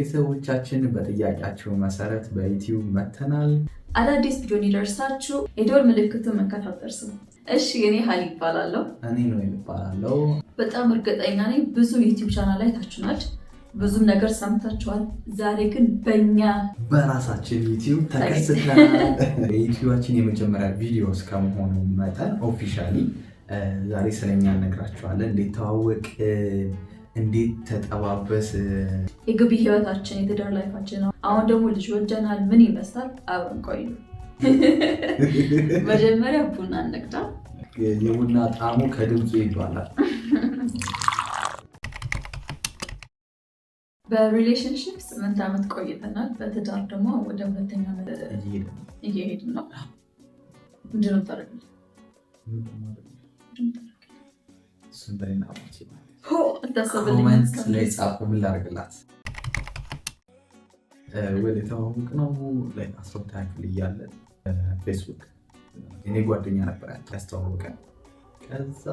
ቤተሰቦቻችን በጥያቄያቸው መሰረት በዩቲዩብ መተናል። አዳዲስ ቪዲዮ እንዲደርሳችሁ የደወል ምልክቱን መንካት አትርሱ። እሺ፣ እኔ ሀል ይባላለሁ። እኔ ነው ይባላለው። በጣም እርግጠኛ ነኝ ብዙ ዩቲዩብ ቻናል ላይ ታችሁናል፣ ብዙም ነገር ሰምታችኋል። ዛሬ ግን በእኛ በራሳችን ዩቲዩብ ተከስተናል። የዩቲዩባችን የመጀመሪያ ቪዲዮስ ከመሆኑ መጠን ኦፊሻሊ ዛሬ ስለኛ እነግራችኋለን እንዴት ተዋወቅ እንዴት ተጠባበስ የግቢ ህይወታችን የትዳር ላይፋችን ነው። አሁን ደግሞ ልጅ ወልደናል። ምን ይመስላል? አብረን ቆዩ። መጀመሪያ ቡና እንቅዳ። የቡና ጣዕሙ ከድምፁ ይባላል። በሪሌሽንሽፕስ ስምንት ዓመት ቆይተናል። በትዳር ደግሞ ወደ ሁለተኛ እየሄድ ነው። ምንድን ነው ታደርግልኝ ኮመንት ላይ ጻፉ። ምን ላደርግላት ወደ ተዋወቅ ነው ላይ አስሮታ ክፍል እያለ ፌስቡክ እኔ ጓደኛ ነበር ያስተዋወቀን። ከዛ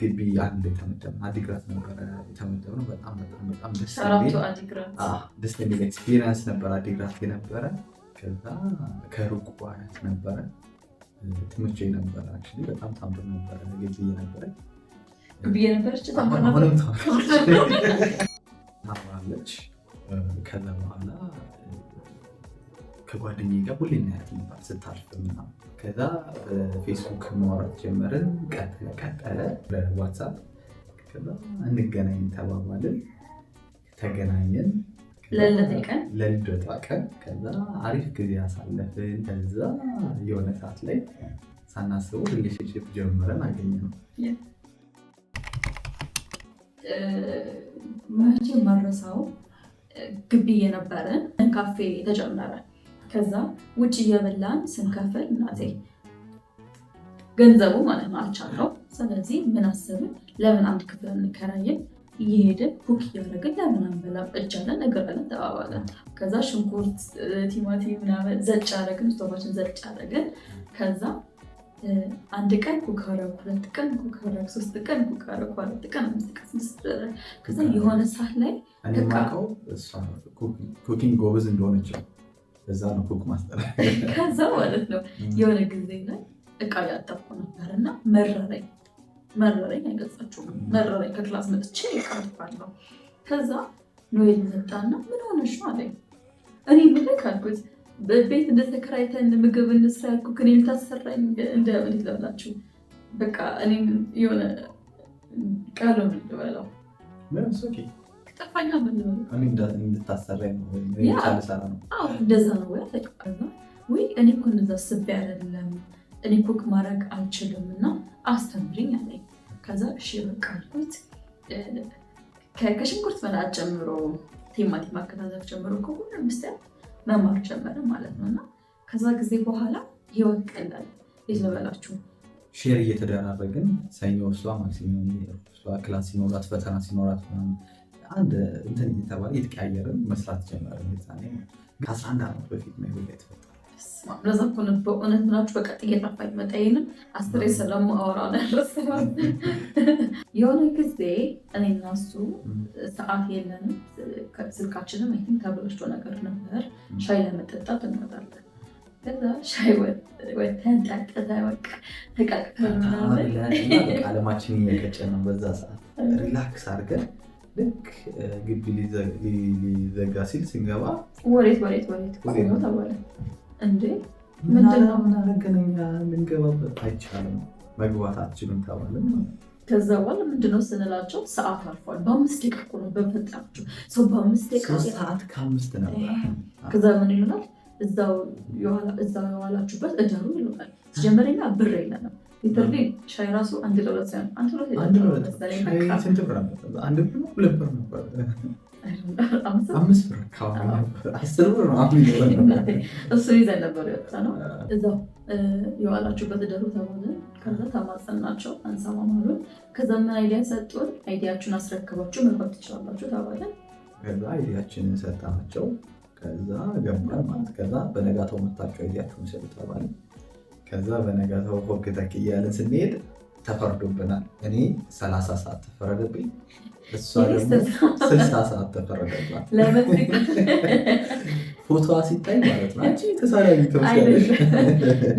ግቢ አንድ የተመደብ አዲግራት ነበረ የተመደብ ነው። በጣም በጣም በጣም ደስ የሚል ኤክስፒሪየንስ ነበረ። አዲግራት የነበረ ከዛ ከሩቅ ነበረ ትምህርት ነበረ በጣም ታምር ነበረ ግቢ ነበረ ብዬ ነበረች ታምራለች። ከዛ በኋላ ከጓደኛዬ ጋር ሁሌ እናያት ነበር ስታልፍ ምናምን። ከዛ ማውራት ጀመርን፣ ቀጠለ በዋትሳፕ ከዛ እንገናኝ ተባባልን፣ ተገናኘን ለልደቷ ቀን። ከዛ አሪፍ ጊዜ አሳለፍን። ከዛ የሆነ ሰዓት ላይ ሳናስበው ሪሌሽንሽፕ ጀምረን ነው መቼ መረሳው ግቢ የነበረን ካፌ ተጀመረ። ከዛ ውጭ እየበላን ስንከፍል እናቴ ገንዘቡ ማለት ነው አልቻለው። ስለዚህ ምን አስብን፣ ለምን አንድ ክፍል እንከራይም እየሄድን ኩክ እያደረግን ለምን አንበላም? እጃለን እግራለን ተባባለን። ከዛ ሽንኩርት፣ ቲማቲም ምናምን ዘጭ አደረግን፣ ስቶቫችን ዘጭ አደረግን። ከዛ አንድ ቀን ኮካ አደረኩ፣ ሁለት ቀን ኮካ አደረኩ፣ ሶስት ቀን ኮካ አደረኩ፣ አራት ቀን፣ አምስት ቀን፣ ስድስት ቀን። ከዛ የሆነ ሰዓት ላይ ኩኪንግ ጎበዝ እንደሆነች እዛ ነው ኩክ ማስተር። ከዛ ማለት ነው የሆነ ጊዜ ላይ እቃ ያጠብኩ ነበር እና መረረኝ፣ መረረኝ፣ አይገልጻችሁም፣ መረረኝ። ከክላስ መጥቼ ይቀርፋለሁ። ከዛ ኖኤል መጣና ምን ሆነሽ አለኝ። እኔ ምልክ አልኩት በቤት እንደተከራይተን ምግብ እንስራ ያልኩህ እኔ ልታሰራኝ እንዴት ላላችሁ በቃ እኔ የሆነ ቃል ምንበላው ጠፋኛ እንድታሰራኝ ነው እንደዛ ነው ወይ አለቀና ወይ እኔ እኮ እንደዛ ስቤ አይደለም እኔ ኮክ ማድረግ አልችልም እና አስተምሪኝ አለኝ። ከዛ እሺ በቃ አልኩት። ከሽንኩርት መላጥ ጀምሮ ቲማቲም አከታተፍ ጀምሮ ከሆነ ስቴፕ መማር ጀመረ ማለት ነው። እና ከዛ ጊዜ በኋላ ህይወት ቀላል ቤት ልበላችሁ ሼር እየተደራረግን ሰኞ እሷ ማክሰኞ ክላስ ሲኖራት ፈተና ሲኖራት አንድ እንትን እየተባለ የተቀያየርን መስራት ጀመረ። ከአስራ አንድ ዓመት በፊት ነው የተፈጠ ለዛ እኮ ነው በእውነት ምናችሁ በቃ እየጠፋኝ መጣ። አስሬ ስለማወራ ነው የሆነ ጊዜ እኔ እና እሱ ሰዓት የለንም ስልካችንም አይ ቲንክ ተብላሽቶ ነገር ነበር። ሻይ ለመጠጣት እንወጣለን። ከዛ ሻይ ወተን ጠጥተን በቃ ተቃቅተን አለማችን እየቀጨ ነው። በዛ ሰዓት ሪላክስ አድርገን ልክ ግቢ ሊዘጋ ሲል ስንገባ ወሬት ወሬት ወሬት ተባለ እንዴ ምንድነው ምናረገነኛ ልንገባበት አይቻልም መግባት አችልም ተባለ ከዛ በኋላ ምንድነው ስንላቸው ሰዓት አልፏል በአምስት ደቂቃ እኮ ነው በፈጣችሁ ሰው በአምስት ደቂቃ ሰዓት ከአምስት ነበር ከዛ ምን ይሉናል እዛው የዋላችሁበት እደሩ ይሉናል ሲጀመረኛ ብር የለንም ሊተርሊ ሻይ ራሱ አንድ ለሁለት ሳይሆን አንድ ሁለት ሻይ ስንት ብር ነበር አንድ ብር ሁለት ብር ነበር አምስት ብር አስር ብር እሱ ይዘን ነበር የወጣ ነው። እዛው የዋላችሁበት ደሩ ተሆነ። ከዛ ናቸው አንሰማም አሉን። ከዛ ምን አይዲያ ሰጡን፣ አይዲያችሁን አስረክባችሁ መግባት ትችላላችሁ ተባለን። ከዛ አይዲያችንን ሰጣናቸው። ከዛ ገባን ማለት ከዛ በነጋታው መታችሁ አይዲያችሁን ሰጡ ተባለ። ከዛ በነጋታው ሆክ ተክ እያለን ስንሄድ ተፈርዶብናል። እኔ ሰላሳ ሰዓት ተፈረደብኝ፣ እሷ ደግሞ ስልሳ ሰዓት ተፈረደባት። ፎቶዋ ሲታይ ማለት ነው አንቺ ተሳዳቢ ትመስያለሽ።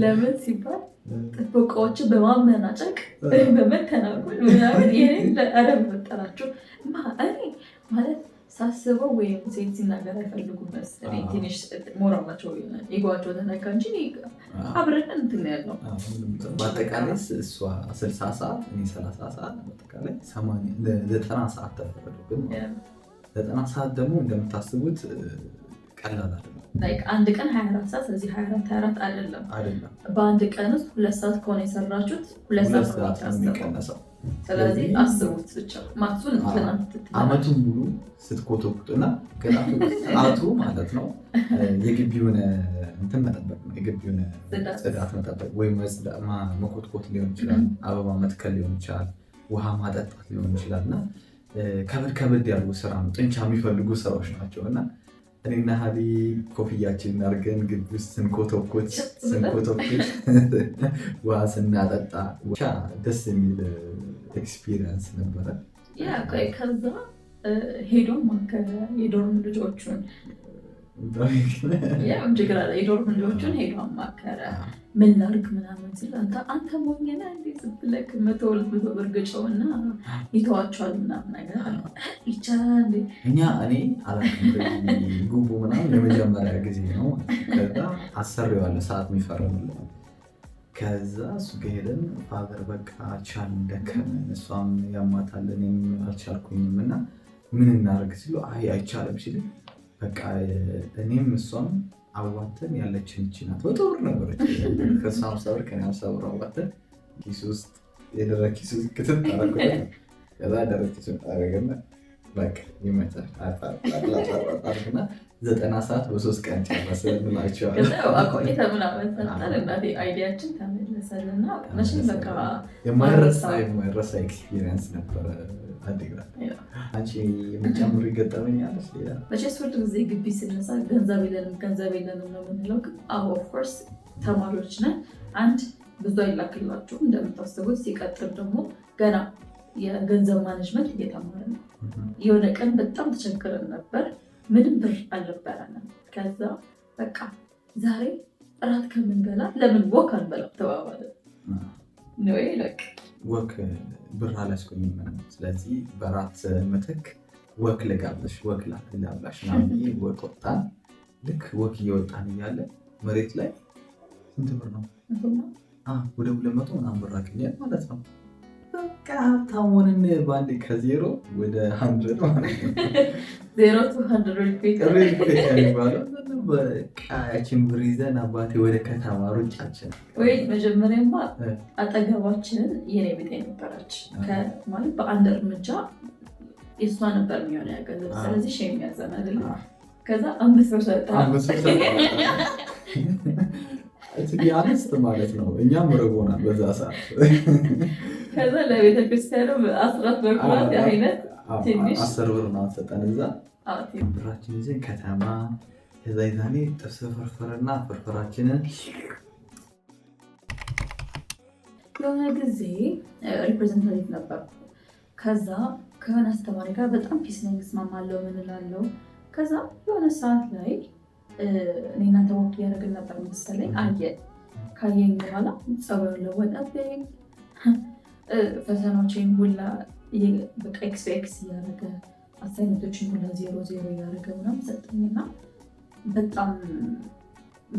ለምን ሲባል ጥበቃዎችን በማመናጨቅ በመተናጎል ምናምን ይህን ለአረብ እኔ ማለት ሳስበው ወይም ሴት ሲናገር አይፈልጉም መሰለኝ። ትንሽ ሞራላቸው ይጓቸው ተነካ እንጂ አብረን እንትን ያልነው በአጠቃላይ እሷ ስልሳ ሰዓት እኔ ሰላሳ ሰዓት በአጠቃላይ ሰማንያ ዘጠና ሰዓት ተፈረደብን። ዘጠና ሰዓት ደግሞ እንደምታስቡት ቀላል አለ አንድ ቀን 24 ሰዓት ስለዚህ 24 24 አይደለም። በአንድ ቀን ውስጥ ሁለት ሰዓት ከሆነ የሰራችሁት ሁለት ሰዓት ነው የሚቀነሰው ስለዚህ አስቡት ብቻ ማቱን አመቱን ሙሉ ስትኮተኩትና ጣቱ ማለት ነው የግቢውን እንትን መጠበቅ ነው። የግቢውን ጽዳት መጠበቅ ወይም መኮትኮት ሊሆን ይችላል፣ አበባ መትከል ሊሆን ይችላል፣ ውሃ ማጠጣት ሊሆን ይችላል እና ከበድ ከበድ ያሉ ስራ ነው፣ ጡንቻ የሚፈልጉ ስራዎች ናቸው እና እኔና ሀሊ ኮፍያችን አድርገን ግቢ ውስጥ ስንኮተኮት ስንኮተኮት ውሃ ስናጠጣ ደስ የሚል ኤክስፒሪየንስ ነበረ። ያ ከዛ ሄዶ የዶርም ልጆቹን ያም ችግር አለ። የዶርም ልጆቹን ሄዶ አማከረ። ምን ላድርግ ምናምን ሲል አንተ አንተ ሞኝና እንዴ ስትለክ መቶ ሁለት መቶ ብር ግጨውና ይተዋቸዋል ምናምን ነገር ይቻላል። እኛ እኔ አላ ጉቡ ምናምን የመጀመሪያ ጊዜ ነው። ከዛ አሰሪዋለሁ ሰዓት የሚፈረምልኝ ከዛ እሱ ጋር ሄደን ፋዘር በቃ ቻል ደከመን፣ እሷም ያማታለን አልቻልኩኝም እና ምን እናደርግ ሲሉ አይ አይቻልም ሲል በቃ እኔም እሷም አዋተን ያለችን እቺ ናት። መቶ ነበረች ከእሷ ሀምሳ ብር ከእኔ ሀምሳ ብር አዋተን ኪስ ውስጥ የደረ ኪስ ውስጥ ክትል ታረኩት። ከዛ ደረ ኪስ ውስጥ አረገና በቃ ይመቻል አርግና ዘጠና ሰዓት በሶስት ቀን ጨረሰ ብላቸዋል። አይዲያችን ተመለሰልና መቼም በቃ የማይረሳ የማይረሳ ኤክስፒሪየንስ ነበረ። አዲግራት አንቺ የምጨምሩ ይገጠመኝ አለች ሌላ መቼስ ሁል ጊዜ ግቢ ስነሳ ገንዘብ የለንም ገንዘብ የለንም ነው የምንለው። ግን አዎ ኦፍኮርስ ተማሪዎች ነን። አንድ ብዙ አይላክላችሁም እንደምታስቡት። ሲቀጥል ደግሞ ገና የገንዘብ ማኔጅመንት እየተማረ ነው። የሆነ ቀን በጣም ተቸግረን ነበር ምንም ብር አልነበረንም። ከዛ በቃ ዛሬ እራት ከምንበላ ለምን ወክ አንበላ ተባባለ። ወክ ብር አላስቆኝም። ስለዚህ በራት ምትክ ወክ ልጋብዝሽ፣ ወክ ልጋብላሽ ምናምን ወክ ወጣን። ልክ ወክ እየወጣን እያለ መሬት ላይ ስንት ብር ነው? ወደ ሁለት መቶ ምናምን ብር አገኘን ማለት ነው። በቃ ሀብታም ሆንን በአንድ ከዜሮ ወደ ሀንድረድ ማለት ነው። ዜሮ ቱ ብር ይዘን አባቴ ወደ ከተማ ሩጫችን። ወይ መጀመሪያማ አጠገባችንን የኔ ቤት ነበረች ማለት በአንድ እርምጃ የእሷ ነበር የሚሆነ ያገንዘብ ስለዚህ ሸ የሚያዘን ከዛ አምስት ብር ሰጠ አምስት ማለት ነው። እኛም ረቦናል በዛ ሰዓት ከዛ ለቤተክርስቲያኑ አስራት በኩራት አይነት ትንሽ አስር ብር ነው ሰጠን። እዛ ብራችን ይዘን ከተማ ከዛ ይዛኔ ጥብስ ፍርፍርና ፍርፍራችንን የሆነ ጊዜ ሪፕሬዘንታቲቭ ነበርኩ። ከዛ ከሆነ አስተማሪ ጋር በጣም ፒስ ነኝ እስማማለሁ ምን እላለሁ። ከዛ የሆነ ሰዓት ላይ እኔ እናንተ እያደረግን ነበር መሰለኝ። አየ ካየኝ በኋላ ጸጉር ለወጣብኝ ፈተናዎችን ሁላ በቃ ኤክስ ኤክስ እያደረገ አሳይነቶችን ሁላ ዜሮ ዜሮ እያደረገ ምናምን ሰጠኝና በጣም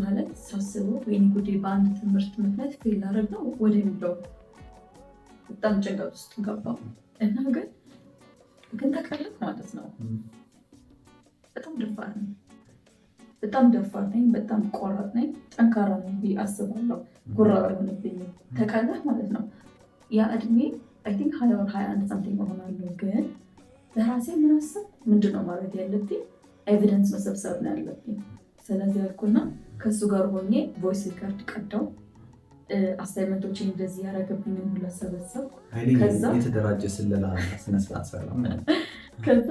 ማለት ሳስበው ወይ ጉዴ በአንድ ትምህርት ምክንያት ፌል አረግ ነው ወደሚለው በጣም ጭንቀት ውስጥ ገባ እና ግን ግን ተቀለቅ ማለት ነው። በጣም ደፋር ነኝ፣ በጣም ደፋር ነኝ፣ በጣም ቆራጥ ነኝ፣ ጠንካራ ነኝ አስባለሁ። ጉራ ሆንብኝ ተቀለቅ ማለት ነው። ያ እድሜ አይ ቲንክ ሀያ ወር ሀያ አንድ ሳምቲንግ እሆናለሁ። ግን በራሴ ምን ምንድነው ምንድን ነው ማድረግ ያለብኝ ኤቪደንስ መሰብሰብ ነው ያለብኝ። ስለዚህ ያልኩና ከእሱ ጋር ሆኜ ቮይስ ሪከርድ ቀዳው አሳይመንቶችን እንደዚህ ያደረገብኝ ሁላ ሰበሰብ። የተደራጀ ስለላ ስነስርዓት ሰራ። ከዛ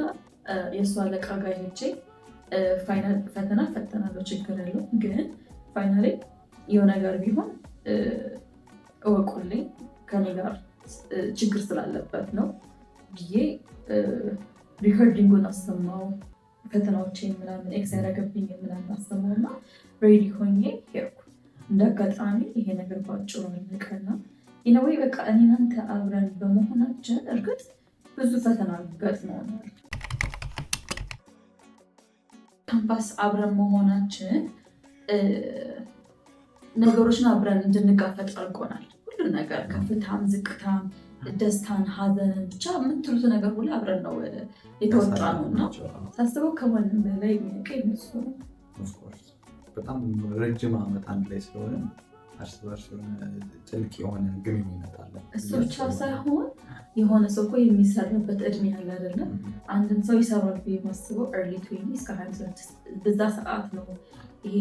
የእሱ አለቃ ጋር ሄጄ ፋይናል ፈተና ፈተናለሁ፣ ችግር ያለው ግን ፋይናሌ የሆነ ነገር ቢሆን እወቁልኝ ከኔ ጋር ችግር ስላለበት ነው ብዬ ሪኮርዲንጉን አሰማው። ፈተናዎች ምናምን ኤክስ ያደረገብኝ ምናምን አሰማው እና ሬዲ ሆኜ ሄድኩ። እንደ አጋጣሚ ይሄ ነገር ባጭሩ የሚቀና ይነወይ በቃ እናንተ አብረን በመሆናችን እርግጥ ብዙ ፈተና ገጥመውናል። ካምፓስ አብረን መሆናችን ነገሮችን አብረን እንድንጋፈጥ አድርጎናል። ሁሉ ነገር ከፍታም፣ ዝቅታም፣ ደስታን፣ ሐዘንን ብቻ የምትሉት ነገር ሁሉ አብረን ነው የተወጣ ነው እና ሳስበው ከማንም በላይ የሚያውቀኝ እሱ በጣም ረጅም ዓመት አንድ ላይ ስለሆነ እርስ በርስ ጥልቅ የሆነ ግንኙነት አለ። እሱ ብቻ ሳይሆን የሆነ ሰው እኮ የሚሰራበት እድሜ ያለ አይደለም። አንድን ሰው ይሰራል ብዬ የማስበው ኤርሊ ትዌንቲ እስከ ሀያ በዛ ሰዓት ነው ይሄ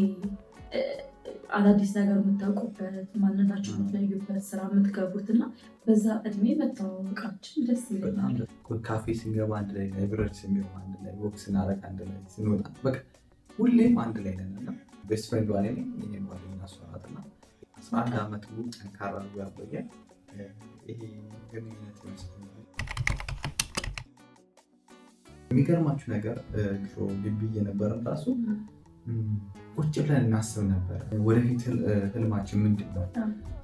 አዳዲስ ነገር የምታውቁበት ማንነታችሁ የምትለዩበት ስራ የምትገቡት እና በዛ እድሜ መተዋወቃችን ደስ ይላል። ካፌ ስንገባ አንድ ላይ፣ ላይብረሪ ስንገባ አንድ ላይ፣ ወክ ስናረግ አንድ ላይ፣ ስንወጣ በቃ ሁሌም አንድ ላይ ነን እና ቤስት ፍሬንድ ዋኔ ነኝ ጓደኛ ሷራት እና አስራ አንድ ዓመት ሙሉ ጠንካራ ያቆያል ይሄ ግንኙነት ይመስለኛል። የሚገርማችሁ ነገር ግቢ እየነበረን ራሱ ቁጭ ብለን እናስብ ነበር። ወደፊት ህልማችን ምንድን ነው?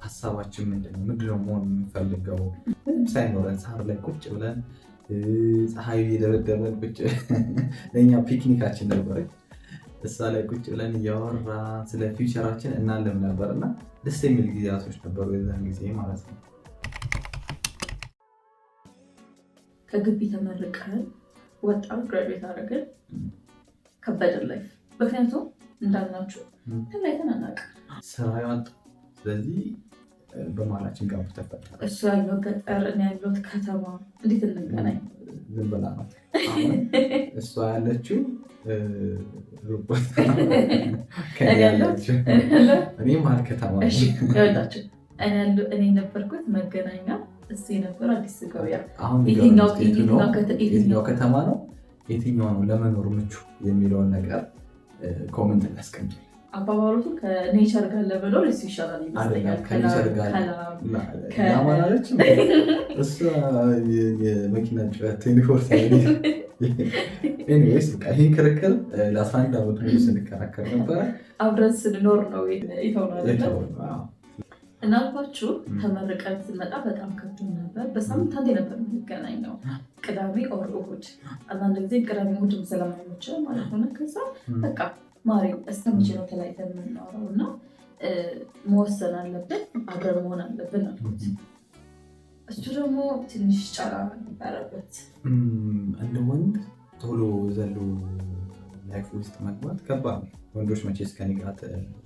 ሀሳባችን ምንድን ነው? ምንድን ነው መሆን የምንፈልገው? ምንም ሳይኖረን ሳር ላይ ቁጭ ብለን ፀሐዩ እየደበደበ ቁጭ ለእኛ ፒክኒካችን ነበረች። እሳ ላይ ቁጭ ብለን እያወራ ስለ ፊውቸራችን እናለም ነበር እና ደስ የሚል ጊዜያቶች ነበሩ የዛን ጊዜ ማለት ነው። ከግቢ ተመርቀን ወጣን፣ ግራጁዌት አደረግን። ከበደን ላይፍ ምክንያቱም እንዳልናችሁ ተለያይተን አናውቅም። ስራ ያወጣ ስለዚህ በመሀላችን ጋር ተፈጠረ። እሱ ያለው ገጠር እኔ ያለሁት ከተማ እንዴት እንገናኝ? ዝም ብላ ናት እሷ ያለችው እኔ መሀል ከተማ ላቸው እኔ ነበርኩት መገናኛ እሱ ነበር አዲስ ገበያ። ይሄኛው ከተማ ነው የትኛው ነው ለመኖር ምቹ የሚለውን ነገር ኮመንት ላይ አባባሉቱ ከኔቸር ጋር ለመኖር እሱ ይሻላል ይመስለኛል። ከኔቸር ጋር ማለች እሷ የመኪና ጩኸት ቴኒፎርስ ኤኒዌይስ በቃ ይህ ክርክር ለአስራ አንድ ዓመት ስንከራከር ነበረ። አብረን ስንኖር ነው ይተውናል። እናልኳችሁ ተመርቀን ስመጣ በጣም ከብዶን ነበር። በሳምንት አንዴ ነበር የሚገናኝ ነው፣ ቅዳሜ ኦር እሑድ። አንዳንድ ጊዜ ቅዳሜ እሑድም ስለማይመችል ማለት ሆነ። ከዛ በቃ ማሪ እስከሚችለው ተለያይተን የምናወራው እና መወሰን አለብን፣ አብረን መሆን አለብን አልኩት። እሱ ደግሞ ትንሽ ጫራ ነበረበት። እንደ ወንድ ቶሎ ዘሎ ላይፍ ውስጥ መግባት ከባድ ነው። ወንዶች መቼ እስከ ንጋት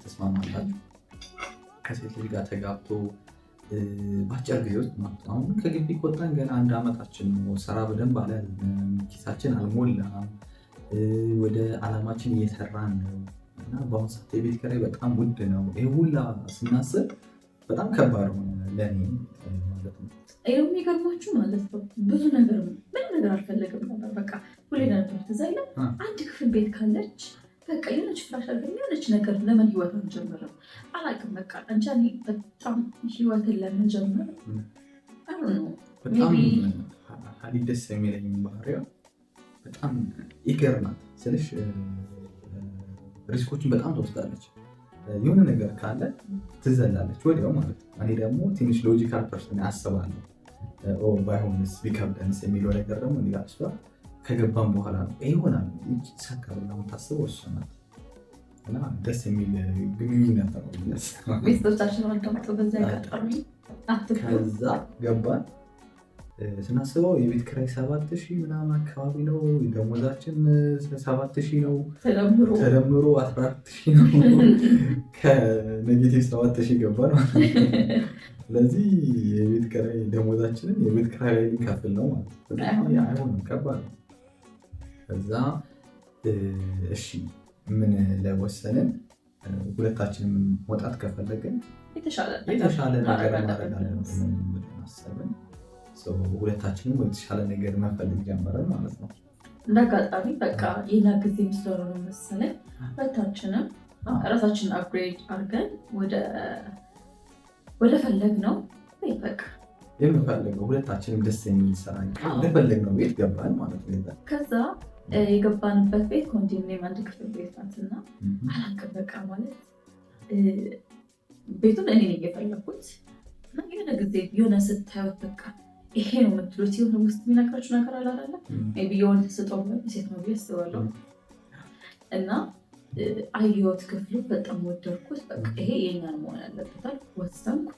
ተስማማላችሁ? ከሴት ልጅ ጋር ተጋብቶ በአጭር ጊዜ ውስጥ አሁን ከግቢ ከወጣን ገና አንድ ዓመታችን ነው። ስራ በደንብ አለ፣ ኪሳችን አልሞላም። ወደ ዓላማችን እየሰራን ነው እና በአሁኑ ሰዓት የቤት ኪራይ በጣም ውድ ነው። ይህ ሁላ ስናስብ በጣም ከባድ ሆነ ለእኔ ማለት ነው። ይኸው የሚገርማችሁ ማለት ነው ብዙ ነገር ምን ነገር አልፈለግም ነበር። በቃ ሁሌ ነበር ትዝ አንድ ክፍል ቤት ካለች በቃ የሆነች ፍራሽ አገኘ የሆነች ነገር ለምን ህይወት አልጀመረም? አላውቅም። በቃ እንጃ በጣም ህይወትን ለመጀመር በጣም ሀዲት ደስ የሚለኝ ባህሪዋ በጣም ይገርማል ስልሽ ሪስኮችን በጣም ትወስዳለች። የሆነ ነገር ካለ ትዘላለች ወዲያው ማለት ነው። እኔ ደግሞ ትንሽ ሎጂካል ፐርሰን አስባለሁ። ባይሆንስ ቢከብደንስ የሚለው ነገር ደግሞ እኔ ከገባም በኋላ ነው ይሆናል ይሳካል የምታስበው እሱ ናት። እና ደስ የሚል ግንኙነት ነው። ከዛ ገባን ስናስበው የቤት ክራይ ሰባት ሺህ ምናምን አካባቢ ነው። ደሞዛችን ሰባት ሺህ ነው ተደምሮ አስራ አራት ሺህ ነው። ከኔጌቲቭ ሰባት ሺህ ነው። ስለዚህ የቤት ክራይ ደሞዛችንን የቤት ክራይ ላይ ሊከፍል ነው ማለት ነው። አይሆንም፣ ከባድ ነው። ከዛ እሺ ምን ለወሰንን ሁለታችንም መውጣት ከፈለግን የተሻለ ነገር እናደርጋለን ሁለታችንም የተሻለ ነገር መፈለግ ጀመረን ማለት ነው። እንደ አጋጣሚ በቃ ሌላ ጊዜም ስለሆነ መሰለኝ ሁለታችንም ራሳችንን አፕግሬድ አድርገን ወደ ፈለግ ነው በቃ የምፈልገው ሁለታችንም ደስ የሚል ስራ ነው ቤት ገባን ማለት ነው ከዛ የገባንበት ቤት ኮንዶሚኒየም አንድ ክፍል ቤት ናትና አላውቅም በቃ ማለት ቤቱን እኔ ነው የፈለኩት። የሆነ ጊዜ የሆነ ስታዩት በቃ ይሄ ነው የምትሉት የሆነ ውስጥ የሚነግራችሁ ነገር አላለ አይደለ? ቢ የሆነ ተሰጠው ሴት ነው ብዬ አስባለሁ። እና አየሁት፣ ክፍሉ በጣም ወደድኩት። በቃ ይሄ የኛን መሆን ያለበታል ወሰንኩ።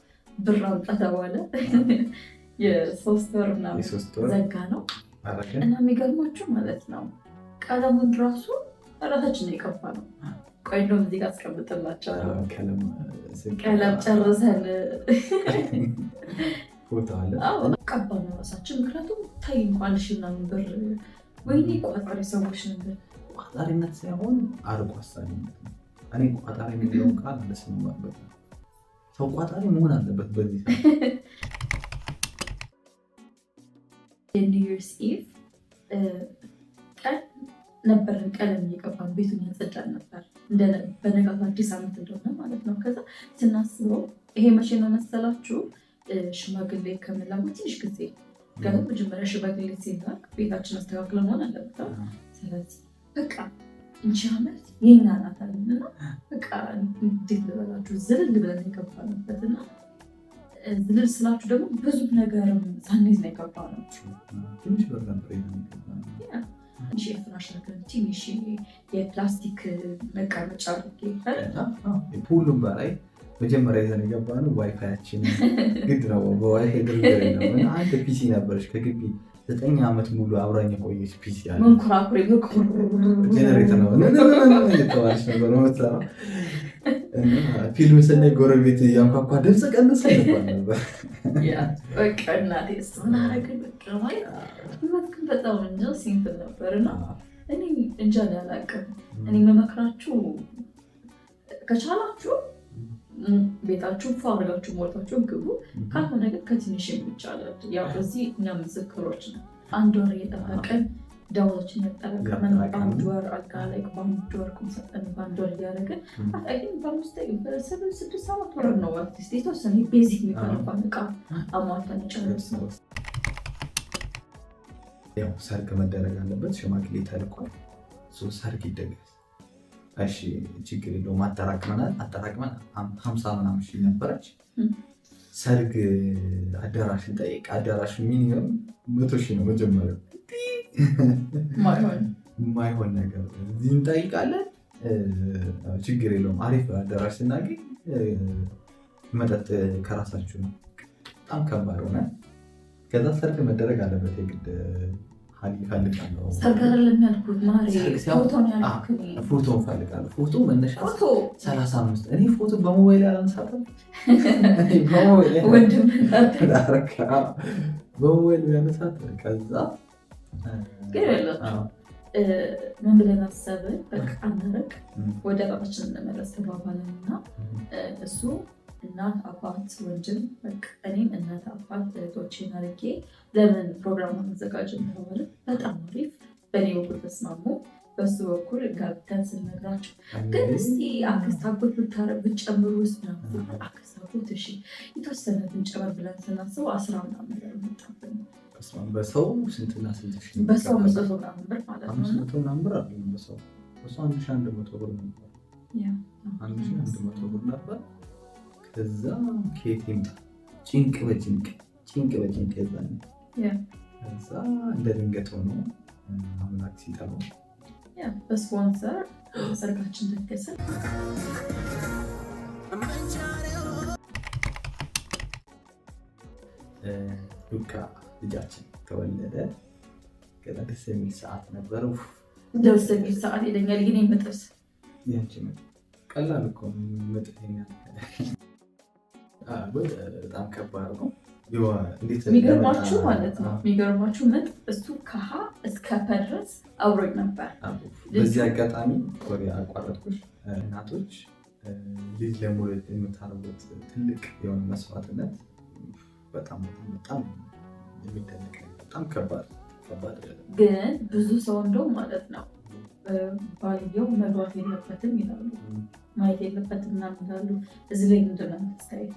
ብር አምጣ ተባለ። የሶስት ወር ምናምን ዘጋ ነው እና የሚገርማችሁ ማለት ነው ቀለሙን ራሱ ራሳችን ነው የቀባ ነው። ቆይ እንደውም እዚህ ጋር አስቀምጥላቸው ቀለም ጨርሰን ቀባ ነው ራሳችን። ምክንያቱም ታይ እንኳን ሺ ምናምን ብር ወይኔ ቋጣሪ ሰዎች ነበር። ቋጣሪነት ሳይሆን አርጎ አሳቢነት እኔ ቋጣሪ የሚለውን ቃል አለስማበት ሰው ቋጣሪ መሆን አለበት። በዚህ የኒው ኢቭ ቀን ነበር ቀለም እየቀባን ቤቱን ያጸዳል ነበር። በነጋቱ አዲስ ዓመት እንደሆነ ማለት ነው። ከዛ ስናስበው ይሄ መቼ ነው መሰላችሁ? ሽማግሌ ከመላኩ ትንሽ ጊዜ ገና መጀመሪያ ሽማግሌ ሲላክ ቤታችን አስተካክለ መሆን አለበት። ስለዚህ በቃ እንቺ ዓመት የኛ ናት አለና በቃ እንዴት ልበላችሁ ዝልል ብለን የገባንበት እና ዝልል ስላችሁ ደግሞ ብዙ ነገርም ሳንይዝ ነው የገባ ነው የገባናችሁ ትንሽ የፍራሽ ነገር ትንሽ የፕላስቲክ መቀመጫ ሁሉም በላይ መጀመሪያ ይዘን የገባነው ዋይፋያችን ግድ ነው። በዋይፋይ ድርድር አንድ ፒሲ ነበረች ከግቢ ዘጠኝ ዓመት ሙሉ አብራኝ የቆየች ፒሲ ጀነሬተር ነው ተባለች ነበር ፊልም ስናይ ጎረቤት ያንኳኳ ድምፅ ቀንስ ሲምፕል ነበር እና እኔ እንጃ አላውቅም። እኔ መመክራችሁ ከቻላችሁ ቤታችሁ ፏ አድርጋችሁ ሞልታችሁ ግቡ። ካልሆነ ግን ከትንሽ የሚቻላል ያው እዚህ እኛ ምስክሮች ነው። አንድ ወር ደወሎችን ያጠራቀመን በአንድ ወር አልጋ ላይ በአንድ ወር ቁምሳጥን በአንድ ወር እያደረግን በአምስት ስድስት ሰባት ወር ነው አርቲስት የተወሰነ ቤዚክ የሚባልባን እቃ አሟልተን ጨርስ ነው። ያው ሰርግ መደረግ አለበት፣ ሽማግሌ ተልኳል፣ ሰርግ ይደገስ። እሺ ችግር የለውም። አጠራቅመናል አጠራቅመን ሀምሳ ምናምን ሺህ ነበረች ሰርግ አዳራሽን ጠይቅ። አዳራሽ ሚኒመም መቶ ሺህ ነው መጀመሪያው። የማይሆን ነገር እዚህ እንጠይቃለን። ችግር የለውም። አሪፍ አዳራሽ ስናገኝ መጠጥ ከራሳችሁ ነው። በጣም ከባድ ሆነ። ከዛ ሰርግ መደረግ አለበት የግድ ፎቶ እፈልጋለሁ። ፎቶ መነሻ ሰላሳ አምስት እኔ ፎቶ በሞባይል አላነሳትም። በሞባይል ያነሳት ከዛ ምን ብለን አሰብን፣ በቃ አመረቅ ወደ ራሳችን እንመለስ ተባባልን እና እሱ እናት አባት ወንድም እኔም እናት አባት እህቶቼን አድርጌ ለምን ፕሮግራሙ ማዘጋጅ እንደሆነ በጣም አሪፍ። በእኔ በኩል ተስማሙ፣ በሱ በኩል ጋብተን ስነግራቸው ግን እስቲ አክስታጎት ብታረ ብጨምሩ ውስጥ ነው አክስታጎት አጎት እሺ የተወሰነ ብንጨምር ብለን ስናስበው አስራ ምናምን ብር መጣብን። በሰው ስንትና ስንት በሰው መቶ ምናምን ብር ማለት ነው። መቶ ምናምን ብር በሰው በሰው አንድ ሺህ አንድ መቶ ብር ነበር። አንድ ሺህ አንድ መቶ ብር ነበር። ከዛ ኬቲም ጭንቅ በጭንቅ ጭንቅ በጭንቅ ከዛ እንደ ድንገት ሆኖ አምላክ በስፖንሰር ሰርጋችን ሉካ ልጃችን ተወለደ። ከዛ ደስ የሚል ሰዓት ነበረ። ደስ የሚል ሰዓት ይለኛል ግን የምጥርስ ቀላል እኮ ምጥ በጣም ከባድ ነው። የሚገርማችሁ ማለት ነው የሚገርማችሁ ምን እሱ ከሀ እስከ ፐ ድረስ አብሮኝ ነበር። በዚህ አጋጣሚ ወሬ አቋረጥኩሽ። እናቶች ልጅ ለመውለድ የምታረጉት ትልቅ የሆነ መስዋዕትነት በጣም በጣም የሚደነቅ በጣም ከባድ ከባድ። ግን ብዙ ሰው እንደው ማለት ነው ባልየው መግባት የለበትም ይላሉ፣ ማየት የለበትም ምናምን ይላሉ። እዚህ ላይ ምንድን ነው የምታየው?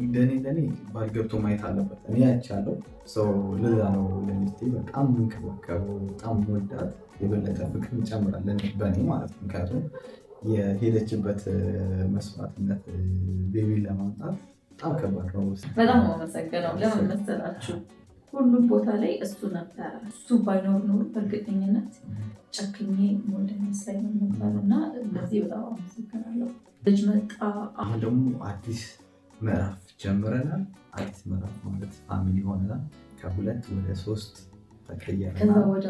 እንደኔ እንደኔ ባል ገብቶ ማየት አለበት። እኔ አይቻለሁ። ሰው ልዛ ነው ለሚስቴ በጣም የምንከባከበው በጣም ወዳት የበለጠ ፍቅር እንጨምራለን በእኔ ማለት ነው። ምክንያቱም የሄደችበት መስዋዕትነት ቤቢን ለማምጣት በጣም ከባድ ነው። በጣም አመሰግነው። ለምን መሰላችሁ? ሁሉም ቦታ ላይ እሱ ነበረ። እሱ ባይኖር ኖሩ በእርግጠኝነት ጨክኜ ወደ ነበር እና በዚህ በጣም አመሰግናለሁ። ልጅ መጣ። አሁን ደግሞ አዲስ ምዕራፍ ጀምረናል። አዲስ ምዕራፍ ማለት ፋሚሊ ሆነናል። ከሁለት ወደ ሶስት ተቀየረ። ከዛ ወራጅ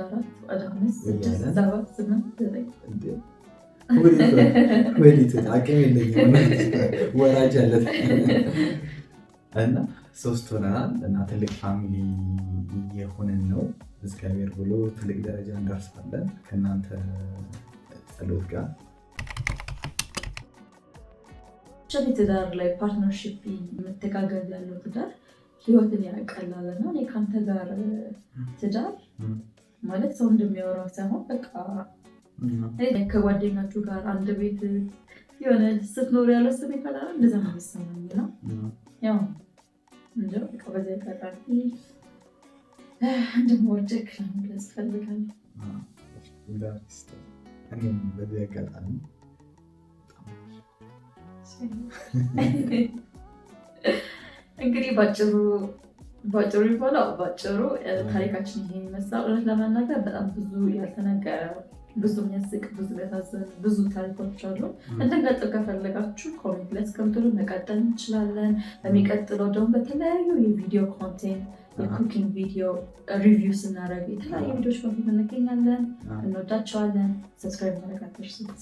እና ሶስት ሆነናል እና ትልቅ ፋሚሊ የሆንን ነው። እግዚአብሔር ብሎ ትልቅ ደረጃ እንደርሳለን ከእናንተ ጸሎት ጋር ሸቢ ትዳር ላይ ፓርትነርሽፕ መተጋገዝ ያለው ትዳር ህይወትን ያቀላለ ነው። እኔ ከአንተ ጋር ትዳር ማለት ሰው እንደሚያወራው ሳይሆን በቃ ከጓደኛችሁ ጋር አንድ ቤት የሆነ ስትኖር ያለ ስሜት ይፈላል እንደዛ ነው የሚሰማኝ ነው ያው እንደ በቃ በዚ አጋጣሚ እንደምወደግ ለመግለጽ ፈልጋለሁ። በዚህ አጋጣሚ እንግዲህ ባጭሩ ባጭሩ ይባላል ባጭሩ ታሪካችን ይሄ የሚመስላል። እውነት ለመናገር በጣም ብዙ ያልተነገረ ብዙ የሚያስቅ ብዙ ያሳዝን ብዙ ታሪኮች አሉ። እንድንቀጥል ከፈለጋችሁ ኮሜንት ላይ እስከምትሉ መቀጠል እንችላለን። በሚቀጥለው ደግሞ በተለያዩ የቪዲዮ ኮንቴንት የኩኪንግ ቪዲዮ ሪቪው ስናደርግ የተለያዩ ቪዲዮዎች በፊት እንገኛለን። እንወዳቸዋለን። ሰብስክራይብ ማድረግ አትርሱ።